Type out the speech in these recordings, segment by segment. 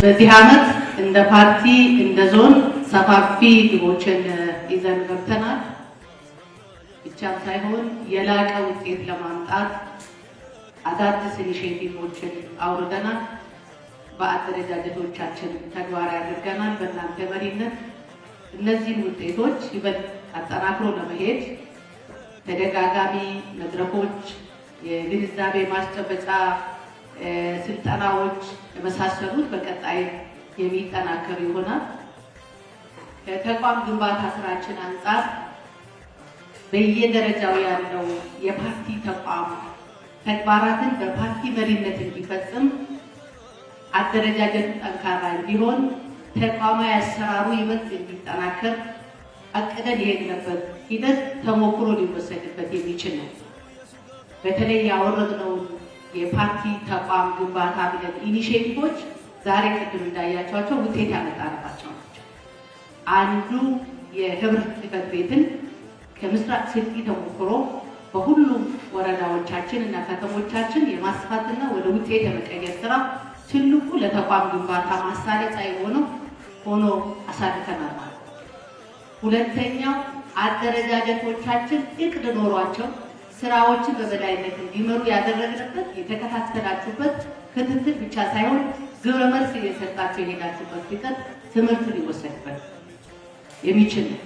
በዚህ ዓመት እንደ ፓርቲ እንደ ዞን ሰፋፊ ግቦችን ይዘን ገብተናል። ብቻ ሳይሆን የላቀ ውጤት ለማምጣት አዳዲስ ኢኒሽቲቮችን አውርደናል። በአደረጃጀቶቻችን ተግባራዊ አድርገናል። በእናንተ መሪነት እነዚህን ውጤቶች ይበልጥ አጠናክሮ ለመሄድ ተደጋጋሚ መድረኮች፣ የግንዛቤ ማስጨበጫ ስልጠናዎች የመሳሰሉት በቀጣይ የሚጠናከር ይሆናል። ከተቋም ግንባታ ስራችን አንጻር በየደረጃው ያለው የፓርቲ ተቋም ተግባራትን በፓርቲ መሪነት እንዲፈጽም አደረጃጀቱ ጠንካራ እንዲሆን ተቋማዊ አሰራሩ ይበልጥ እንዲጠናከር አቅደን የሄድንበት ሂደት ተሞክሮ ሊወሰድበት የሚችል ነው። በተለይ ያወረድነውን የፓርቲ ተቋም ግንባታ ብለን ኢኒሽቲቮች ዛሬ ቅድም እንዳያቸዋቸው ውጤት ያመጣንባቸው ናቸው። አንዱ የህብር ጽሕፈት ቤትን ከምስራቅ ስልጤ ተሞክሮ በሁሉም ወረዳዎቻችን እና ከተሞቻችን የማስፋትና ወደ ውጤት የመቀየር ስራ ትልቁ ለተቋም ግንባታ ማሳለጫ የሆነው ሆኖ አሳልፈናል ማለት ነው። ሁለተኛው አደረጃጀቶቻችን እቅድ ኖሯቸው ስራዎችን በበላይነት እንዲመሩ ያደረግንበት የተከታተላችሁበት ክትትል ብቻ ሳይሆን ግብረ መልስ እየሰጣችሁ የሄዳችሁበት ፍቀት ትምህርት ሊወሰድበት የሚችል ነው።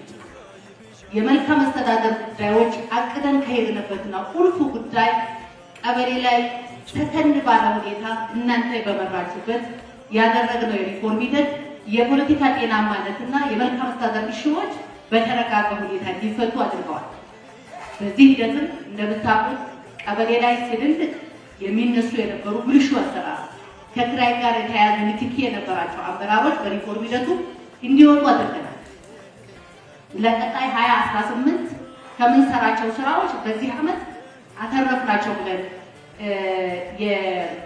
የመልካም መስተዳደር ጉዳዮች አቅደን ከሄድንበትና ቁልፉ ጉዳይ ቀበሌ ላይ ሰከን ባለ ሁኔታ እናንተ በመራችሁበት ያደረግነው የሪፎርም ሂደት የፖለቲካ ጤናማነትና የመልካም መስተዳደር እሽዎች በተረጋጋ ሁኔታ እንዲፈቱ አድርገዋል። በዚህ ሂደትም እንደምታውቁት ቀበሌ ላይ ትልልቅ የሚነሱ የነበሩ ብልሹ አሰራር ከክራይ ጋር የተያያዘ ንክኪ የነበራቸው አመራሮች በሪፎርም ሂደቱ እንዲወጡ አድርገናል። ለቀጣይ ሀያ አስራ ስምንት ከምንሰራቸው ስራዎች በዚህ ዓመት አተረፍናቸው ብለን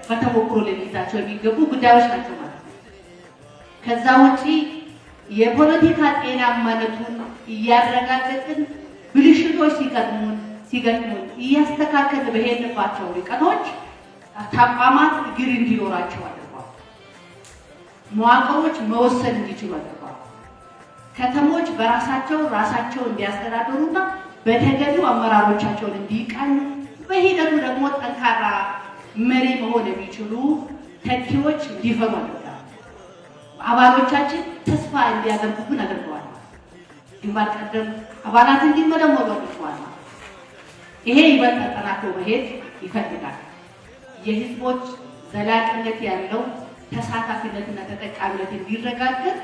በተሞክሮ ልንይዛቸው የሚገቡ ጉዳዮች ናቸው ማለት ነው። ከዛ ውጪ የፖለቲካ ጤናማነቱን እያረጋገጥን ብልሽቶች ሲቀጥሙን ሲገጥሙን እያስተካከል በሄድንባቸው ርቀቶች ተቋማት እግር እንዲኖራቸው አድርጓል። መዋቅሮች መወሰን እንዲችሉ አድርጓል። ከተሞች በራሳቸው ራሳቸው እንዲያስተዳድሩና በተገቢው አመራሮቻቸውን እንዲቃኙ በሂደቱ ደግሞ ጠንካራ መሪ መሆን የሚችሉ ተኪዎች እንዲፈሩ አድርጓል። አባሎቻችን ተስፋ እንዲያደርጉብን አድርገዋል። ግንባር ቀደም አባላት እንዲመለመሉ አድርጓል። ይሄ ይበልጥ ተጠናክሮ መሄድ ይፈልጋል። የህዝቦች ዘላቂነት ያለው ተሳታፊነትና ተጠቃሚነት እንዲረጋገጥ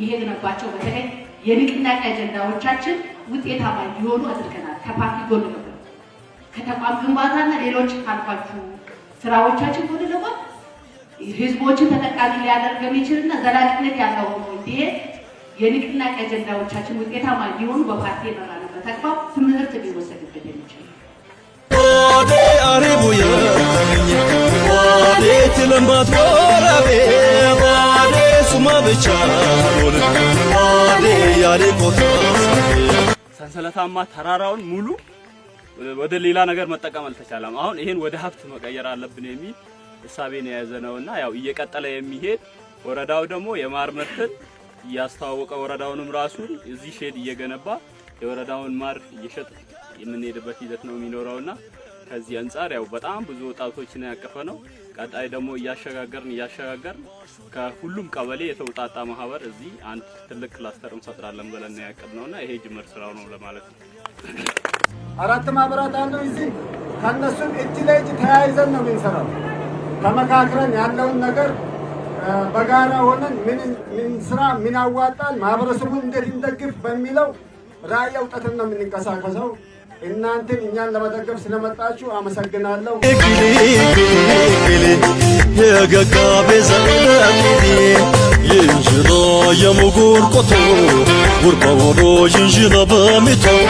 የሄድንባቸው በተለይ የንቅናቄ አጀንዳዎቻችን ውጤታማ እንዲሆኑ አድርገናል። ከፓርቲ ጎን ለጎን ከተቋም ግንባታና ሌሎች ካልኳችሁ ስራዎቻችን ጎን ለጎን ህዝቦችን ተጠቃሚ ሊያደርግ የሚችልና ዘላቂነት ያለው ሆኖ እንዲሄድ የንቅናቄ አጀንዳዎቻችን ውጤታማ እንዲሆኑ በፓርቲ የመራንበት አግባብ ትምህርት ሊወሰድበት የሚችል ሰንሰለታማ ተራራውን ሙሉ ወደ ሌላ ነገር መጠቀም አልተቻለም። አሁን ይሄን ወደ ሀብት መቀየር አለብን የሚል እሳቤን የያዘ ነውና ያው እየቀጠለ የሚሄድ ወረዳው ደግሞ የማር ምርትን እያስተዋወቀ ወረዳውንም ራሱን እዚህ ሼድ እየገነባ የወረዳውን ማር እየሸጥ የምንሄድበት ሂደት ነው የሚኖረውና ከዚህ አንጻር ያው በጣም ብዙ ወጣቶችን ያቀፈ ነው። ቀጣይ ደግሞ እያሸጋገርን እያሸጋገርን ከሁሉም ቀበሌ የተውጣጣ ማህበር እዚህ አንድ ትልቅ ክላስተር እንፈጥራለን ብለን ያቀድ ነውና ይሄ ጅምር ስራው ነው ለማለት ነው። አራት ማህበራት አሉ እዚህ ከነሱም እጅ ለእጅ ተያይዘን ነው የምንሰራው። ተመካክረን ያለውን ነገር በጋራ ሆነን ምን ስራ ምን ያዋጣል፣ ማህበረሰቡን እንዴት እንደግፍ በሚለው ራዕይ አውጥተን ነው የምንንቀሳቀሰው። እናንተም እኛን ለመደገፍ ስለመጣችሁ አመሰግናለሁ። የሙጉር ቆቶ ጉርባ ወሮ ይንዥላ በሚተው